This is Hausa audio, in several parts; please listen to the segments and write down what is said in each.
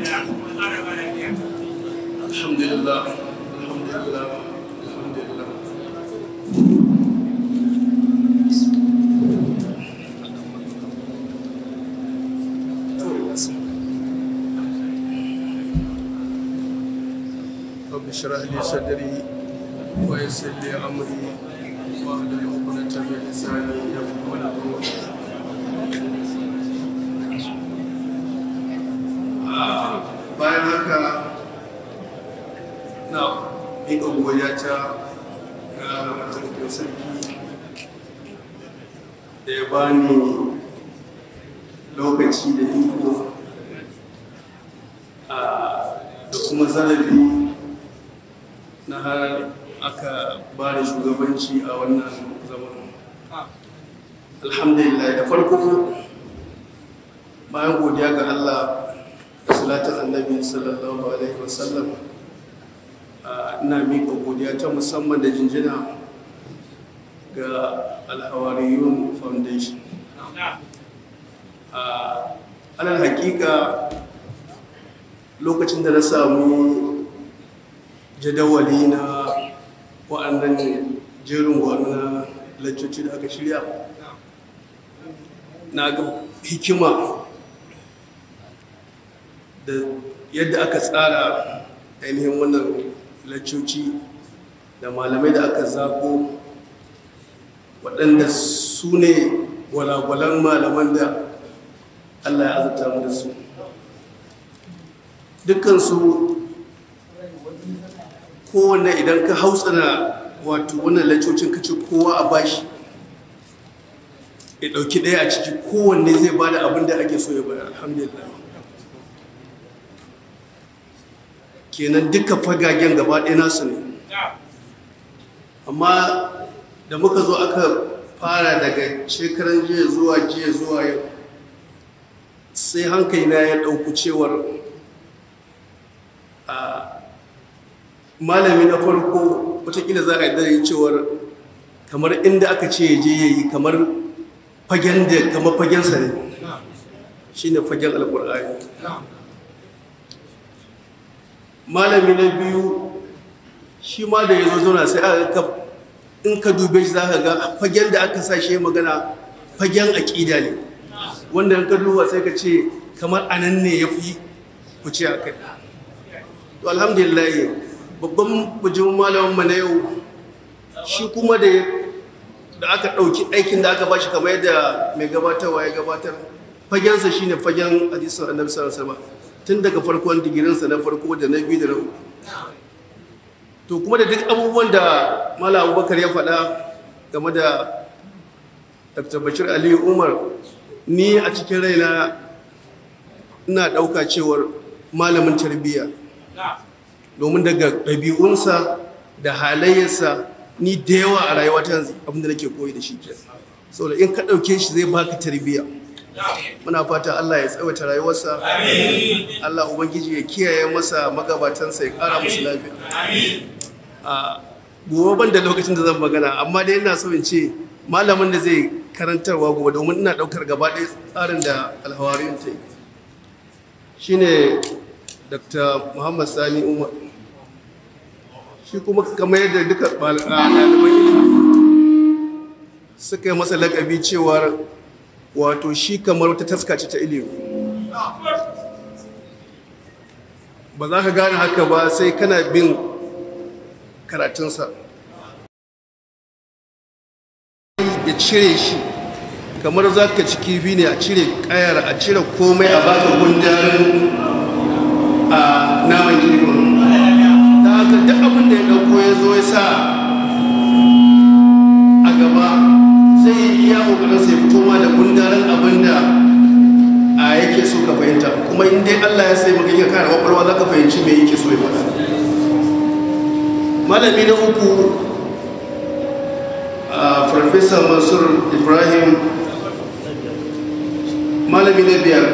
الحمد لله الحمد لله الحمد لله رب اشرح لي صدري ويسر لي امري واهل عقدة من لساني haka na miƙa goya ta ga matakin sarki da ya bani lokaci da iko da kuma zarafi na har aka ba shugabanci a wannan zaman alhamdulillah da farko bayan godiya ga allah salatin annabi sallallahu alaihi wasallam ina miƙa godiya ta musamman da jinjina ga alhawariyun foundation alal hakika lokacin da na samu jadawali na wa'annan jerin gwano na da aka shirya na ga hikima da yadda aka tsara ainihin wannan lacoci da malamai da aka zaɓo waɗanda su ne gwalagwalan malaman da allah ya azuta mu da su dukkansu kowane idan ka hausana wato wannan ka ce kowa a bashi ya ɗauki ɗaya a ciki kowanne zai ba da abin da ake so ya bada alhamdulillah kenan duka fagagen gaba ɗaya nasu ne amma da muka zo aka fara daga shekaran jiya zuwa jiya zuwa yau sai hankali na ya ɗauku cewar malami na farko watakila za a yi dare cewar kamar inda aka ce ya je ya yi kamar fagen da kamar fagensa ne shi ne fagen alkur'ani malami na biyu shi ma da ya zo zauna sai aka in ka dube shi za ka ga fagen da aka sa shi magana fagen aƙida ne wanda in ka duba sai ka ce kamar anan ne ya fi kuce a kai to alhamdulillah babban bujimin malamin mu na yau shi kuma da da aka ɗauki aikin da aka ba shi kamar yadda mai gabatarwa ya gabatar fagensa shine fagen hadisin annabi sallallahu alaihi wasallam tun daga farkon digirinsa na farko da na biyu da na uku to kuma da duk abubuwan da mala abubakar ya faɗa game da dr bashir aliyu umar ni a cikin raina ina ɗauka cewar malamin tarbiyya domin daga ɗabi'unsa da halayyarsa ni da yawa a rayuwa ta yanzu abinda nake koyi da shi ke da in ka ɗauke shi zai baka tarbiyya muna fata Allah ya tsawata rayuwarsa Allah ubangiji ya kiyaye masa magabatansa ya kara musu lafiya gobe ban da lokacin da zan magana amma dai ina so in ce malamin da zai karantarwa gobe domin ina daukar gaba ɗaya tsarin da alhawarin ta shine dr muhammad sani umar shi kuma kamar yadda duka ɗaliban ilimi suka yi masa lakabi cewar wato shi kamar wata taska ta ilimi ba za ka gane haka ba sai kana bin karatunsa ya cire shi kamar za ka ci kifi ne a cire kayar a cire komai a baka gundar a naman kifin ta haka duk abin da ya ɗauko ya zo ya sa a gaba sai iya kokarin sai fito ma da gundarin abin da a yake so ka fahimta kuma in dai Allah ya sai maka yaka kana kwakwalwa za ka fahimci me yake so ya faɗa malami na uku farfesa masu ibrahim malami na biyar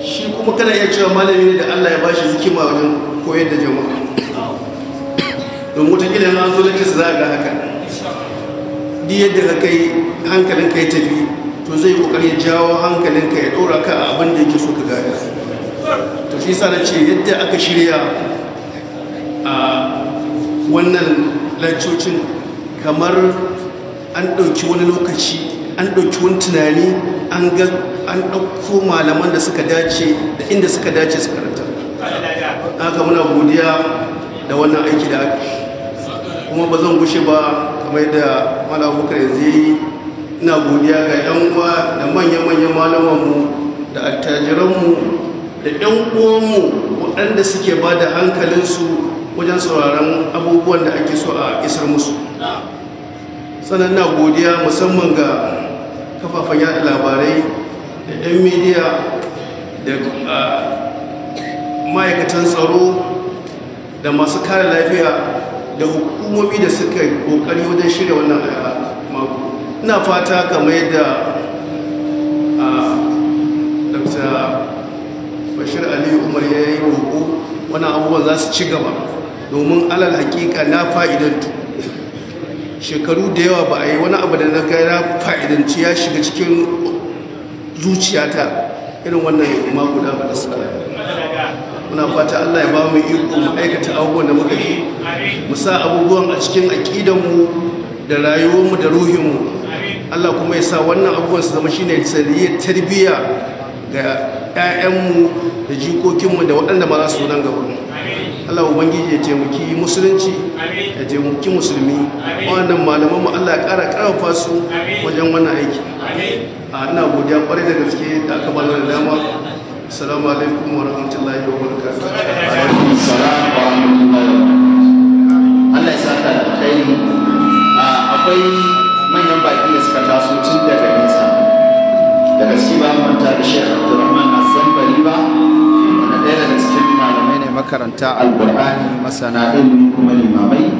shi kuma kana iya cewa malami ne da Allah ya bashi hikima wajen koyar da jama'a don wata gidan an zo lakisa za a ga haka duk yadda ka kai hankalinka ya tafi to zai kokari ya jawo hankalinka ya dora ka a abin da yake so ka gaya to shi sa na ce yadda aka shirya a wannan lancocin kamar an ɗauki wani lokaci an ɗauki wani tunani an ga an ɗauko malaman da suka dace da inda suka dace su karanta aka muna godiya da wannan aiki da aka kuma ba zan gushe ba kamar da malabukar yanzu yi ina godiya ga 'yan uwa da manya manya malamanmu da attajiranmu da 'yan uwanmu waɗanda suke ba da hankalinsu wajen sauraron abubuwan da ake so a isar musu sannan na godiya musamman ga kafafen yada labarai da 'yan midiya da ah, ma'aikatan tsaro da masu kare lafiya da hukumomi da suka yi kokari wajen shirya wannan mako ina fata kamar yadda dr bashir aliyu umar ya yi roƙo wani abubuwan za su ci gaba domin alal hakika na fa'idantu shekaru da yawa ba a yi wani abu da na na fa'idanci ya shiga cikin zuciyata irin wannan mako da ba da suka yi. muna fata Allah ya ba mu iko mu aikata abubuwan da muka yi mu sa abubuwan a cikin aƙidanmu da rayuwarmu da ruhinmu Allah kuma ya sa wannan abubuwan su zama shine tarbiyya ga 'ya'yanmu da jikokinmu da waɗanda ba za su nan gaba Allah ubangiji ya taimaki musulunci ya taimaki musulmi wannan malaman mu Allah ya ƙara ƙarfafa su wajen wannan aiki a ina godiya kwarai da gaske da aka bani da dama assalamu alaikum wa rahmatullahi wa barakatuh alaikum salam wa rahmatullahi wa Allah ya saka da kai ah, akwai manyan baki da suka taso tun daga nesa daga ciki ba manta da Sheikh Abdulrahman Azzambari ba wanda ɗaya daga cikin malamai ne makaranta alqur'ani masana ilimi kuma limamai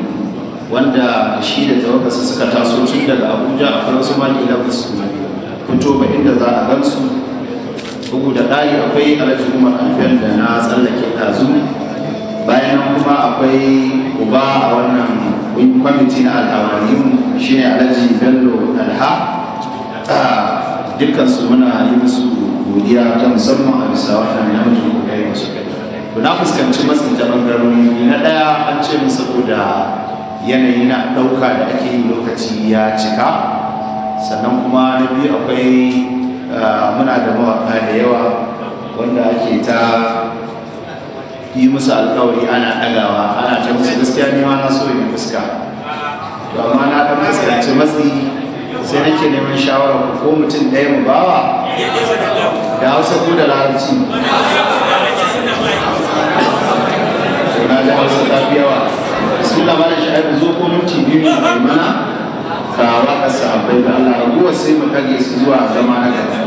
wanda shi da tawakkasa suka taso tun daga Abuja a Faransa ma ne da su fito ba inda za a gansu saboda da ɗari akwai alhaji umar alfiyar da na tsallake ɗazu bayan kuma akwai uba a wannan kwamiti na al'awarin shi ne alhaji bello alha ah, dukkan su muna yi musu godiya ta musamman a bisa wannan ko kai masu kai. na fuskanci masu ta ɓangarori na ɗaya an ce min saboda yanayi na ɗauka da ake yi lokaci ya cika sannan kuma na biyu akwai Ah, muna da mawaka da yawa wanda ake ta yi musu alkawari ana ɗagawa ana ta musu gaskiya ne ma na so yi fuska to amma na ɗan fuskanci matsi sai nake neman shawara ko mutum ɗaya mu bawa da hausa ko da larabci na da hausa ta fi yawa bismillah zo ko minti biyu ne mana kawa ka bai da Allah raguwa sai mu kage su zuwa zama na gaba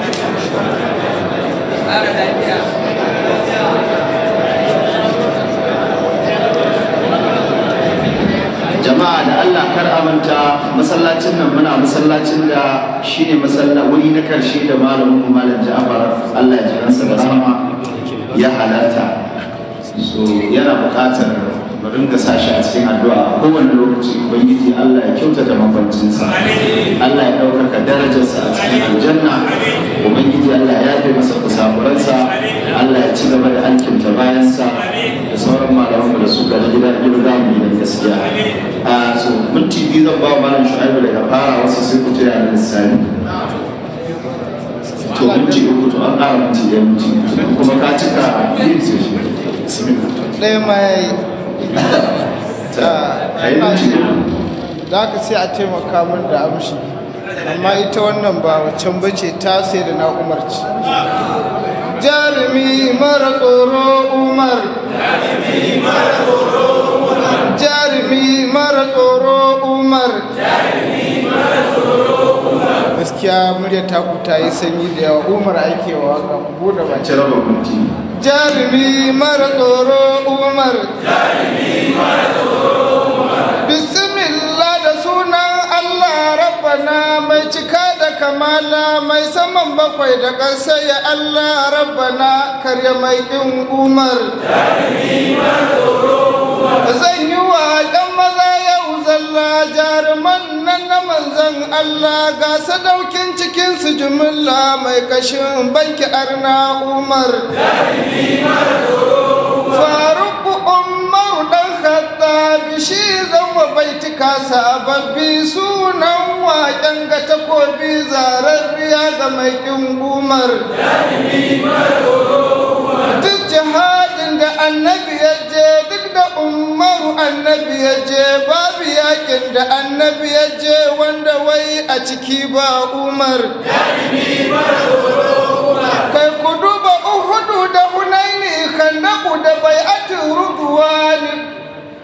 jama'a da Allah kar amanta masallacin nan muna masallacin da shine masalla wuri na karshe da malamin malam Ja'far Allah ya ji da sama ya halarta so yana buƙatar mu dinga sa shi a cikin addu'a kowane lokaci ubangiji Allah ya kyautata mabancinsa Allah ya ɗaukaka darajarsa a cikin aljanna ubangiji Allah ya yafe masa kusafuransa Allah ya ci gaba da alkinta bayansa da sauran malaman da suka ga gida ido da mu da gaskiya a so minti biyu zan ba malam Shu'aibu daga fara wasu sai ku taya da lissani to minti uku to an ƙara minti ɗaya kuma ka cika yin sai shi mai da aka sai a taimaka min da amshi amma ita wannan ba wacan bace ta sai da na umarci jarumi mara tsoro umar jarumi mara tsoro umar jarumi mara tsoro umar gaskiya murya ta ku ta yi sanyi da yawa umar ake wa ka bude ba ce raba mutum jarumi mara tsoro umar bismillah da suna allah rabbana mai cika da kamala mai saman bakwai da ƙasa ya allah rabbana karya mai ɗin umar zan yi wa ɗan maza yau zalla jaruman manzan Allah ga sadaukin cikin su jumilla mai kashin banki arna Umar. Faruku Umar ɗan hatta shi zama baitika sababi sunan waƙen ga takobi zararriya ga mai ƙin Umar. umaru annabi ya je babu yakin da annabi ya je wanda wai a ciki ba umar kai ku duba uhudu da hunaini ku da rubuwa rudwani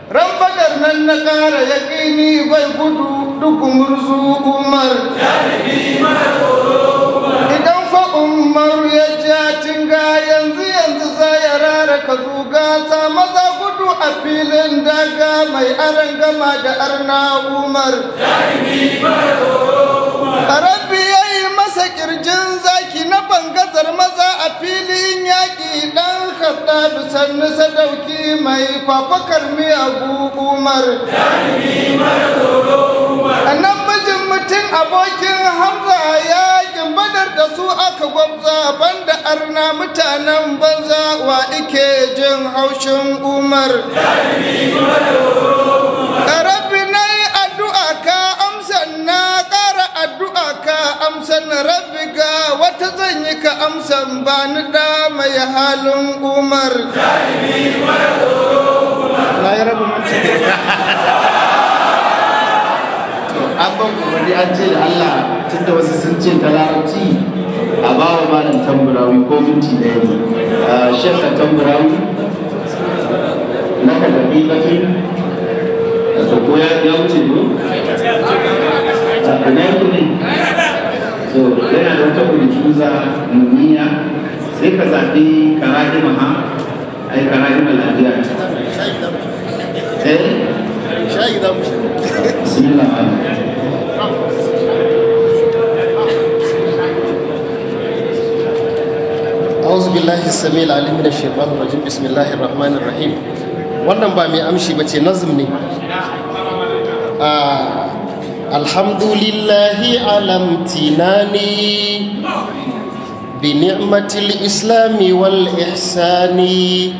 ran fadar nan na kara ya bai gudu duk murzu umar idan fa umaru ya je. ka zuga maza gudu a filin daga mai aran gama da arna umar rabbi ya yi masa kirjin zaki na bangazar maza a filin yaƙi ɗan haɗa bisan nisa dauki mai kwafakar miyagu umar aka gwabza banda arna mutanen banza wa ike jin haushin umar rabbi na yi ka amsan ƙara addu'a ka rabbi ga wata zan ka ba ni da mai halin umar na yi rabu an ban an ce allah tunda wasu sun ce ta larabci a ba wa malam tamburawi ko minti ɗaya ne shekka tamburawi na ka da da ta koya ya wuce ne a na yi ne so yana da wata kulcuza nuniya sai ka zaɓi kara'ima ha ai kara'ima lafiya eh bismillah أعوذ بالله السميع العليم من الشيطان الرجيم بسم الله الرحمن الرحيم wannan ba mai amshi bace الحمد لله على امتناني بنعمة الإسلام islami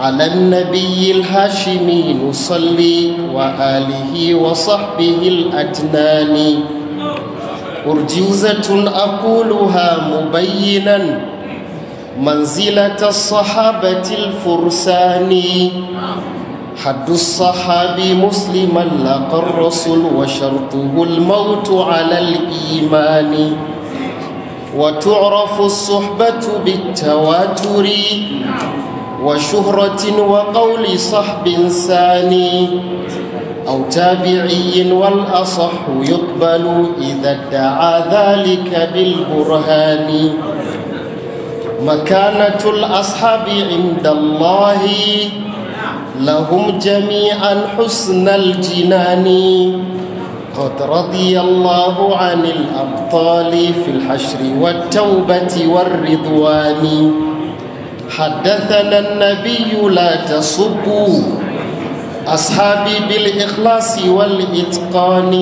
على النبي الهاشمي نصلي وآله وصحبه الأجنان أرجوزة أقولها مبينا منزلة الصحابة الفرسان حد الصحابي مسلما لقى الرسول وشرطه الموت على الإيمان وتعرف الصحبة بالتواتر وشهرة وقول صحب ثاني أو تابعي والأصح يقبل إذا ادعى ذلك بالبرهان مكانة الأصحاب عند الله لهم جميعا حسن الجنان قد رضي الله عن الأبطال في الحشر والتوبة والرضوان حدثنا النبي لا تصبوا أصحابي بالإخلاص والإتقان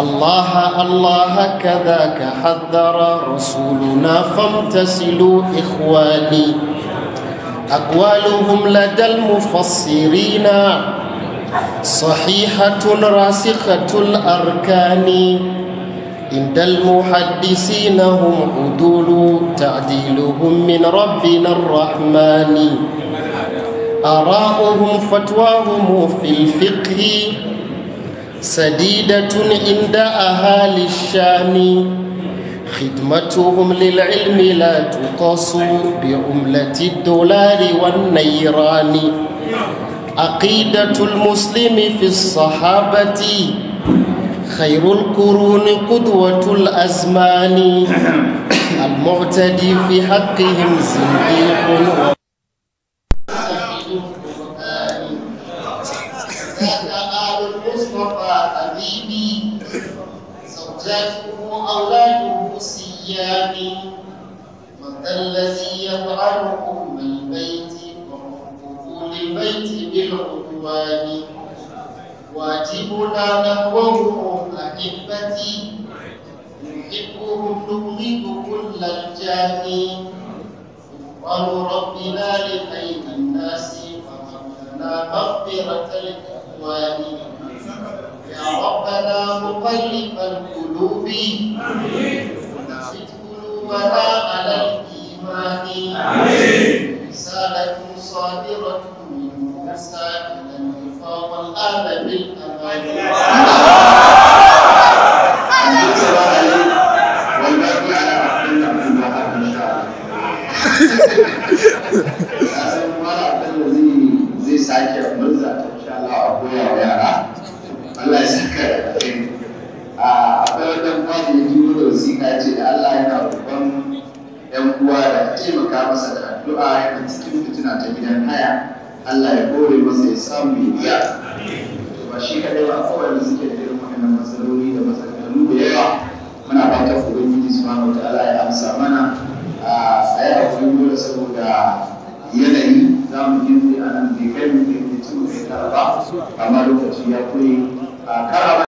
الله الله كذاك حذر رسولنا فامتسلوا إخواني أقوالهم لدى المفسرين صحيحة راسخة الأركان عند المحدثين هم عدول تعديلهم من ربنا الرحمن آراؤهم فتواهم في الفقه sadidatun inda ahali shani khidmatuhum lil ilmi la tuqasu bi umlati dolari wan nairani aqidatul muslimi fi sahabati khairul quruni qudwatul azmani al-mu'tadi fi haqqihim zindiqun حبيبي زوجاته أولاده سيامي وذا الذي أم البيت وحبه للبيت بالعدوان واجبنا نحوهم أحبتي نحبهم نغلق كل الجاه قال ربنا لخير الناس فهب لنا مغفرة الإخوان fali al-qulubi Sikulu wala ala imani Amin Risalatu sadiratu Musa ilan rifa wal ala bil amani Saya cakap mazat, insyaAllah aku yang biarlah. Allah sekarang. mamaki ya turo da wasiƙa ce da Allah yana roƙon ‘yan uwa da taimaka masa da addu'a yana cikin fitina ta gidan haya Allah ya kore masa ya samu ya iya ba shi kaɗai ba kawai da suke da irin waɗannan matsaloli da matsaloli da yawa muna fatan ubangiji subhanahu Allah ya amsa mana a a hakuri dole saboda yanayi za mu girbe a nan bai kai mu bai mutum bai ba amma lokaci ya kure a kara